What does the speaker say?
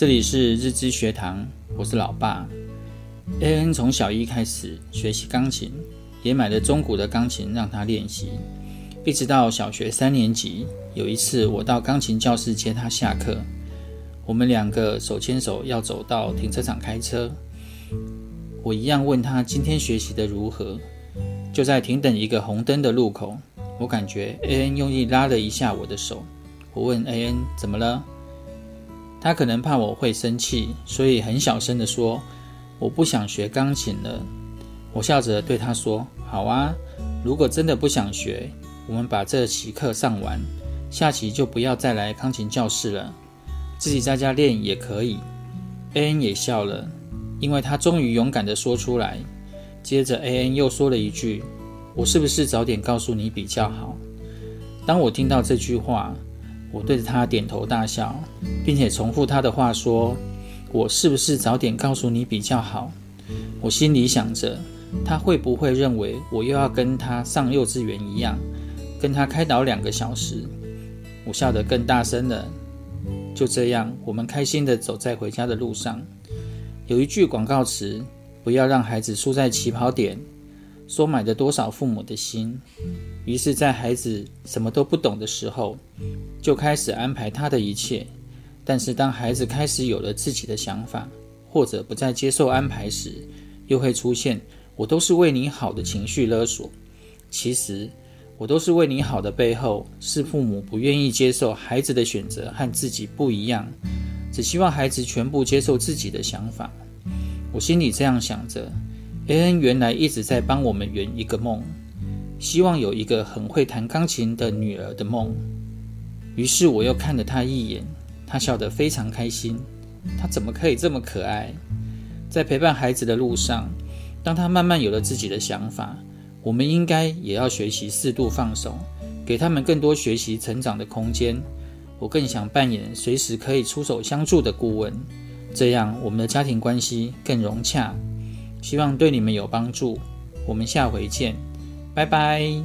這裡是日知學堂，我是老爸。A.N. 從小一開始學習鋼琴，也買了中古的鋼琴讓他練習，一直到小學三年級。有一次，我到鋼琴教室接他下課，我們兩個手牽手要走到停車場開車。我一樣問他今天學習的如何，就在停等一個紅燈的路口，我感覺 A.N. 用力拉了一下我的手。我問 A.N. 怎麼了？他可能怕我會生氣，所以很小聲的說：“我不想學鋼琴了。”我笑着對他說：“好啊，如果真的不想學，我們把這期課上完，下期就不要再來鋼琴教室了，自己在家練也可以。”An 也笑了，因為他終於勇敢的說出來。接着 An 又說了一句：“我是不是早點告訴你比較好？”當我聽到這句話，我對着他點頭大笑，並且重複他的話說：“我是不是早點告訴你比較好？”我心裡想着，他會不會認為我又要跟他上幼稚園一樣，跟他開導兩個小時？我笑得更大聲了。就這樣，我們開心地走在回家的路上。有一句廣告詞：“不要讓孩子輸在起跑點。”收買了多少父母的心？於是，在孩子什麼都不懂的時候，就開始安排他的一切。但是，當孩子開始有了自己的想法，或者不再接受安排時，又會出現“我都是為你好的”情緒勒索。其實，“我都是為你好的”背後，是父母不願意接受孩子的選擇和自己不一樣，只希望孩子全部接受自己的想法。我心裡這樣想着。雷恩原來一直在幫我們圓一個夢，希望有一個很會彈鋼琴的女兒的夢。於是我又看了她一眼，她笑得非常開心。她怎麼可以這麼可愛？在陪伴孩子的路上，當她慢慢有了自己的想法，我們應該也要學習適度放手，給他們更多學習成長的空間。我更想扮演隨時可以出手相助的顧問，這樣我們的家庭關係更融洽。希望對你們有幫助，我們下回見，拜拜。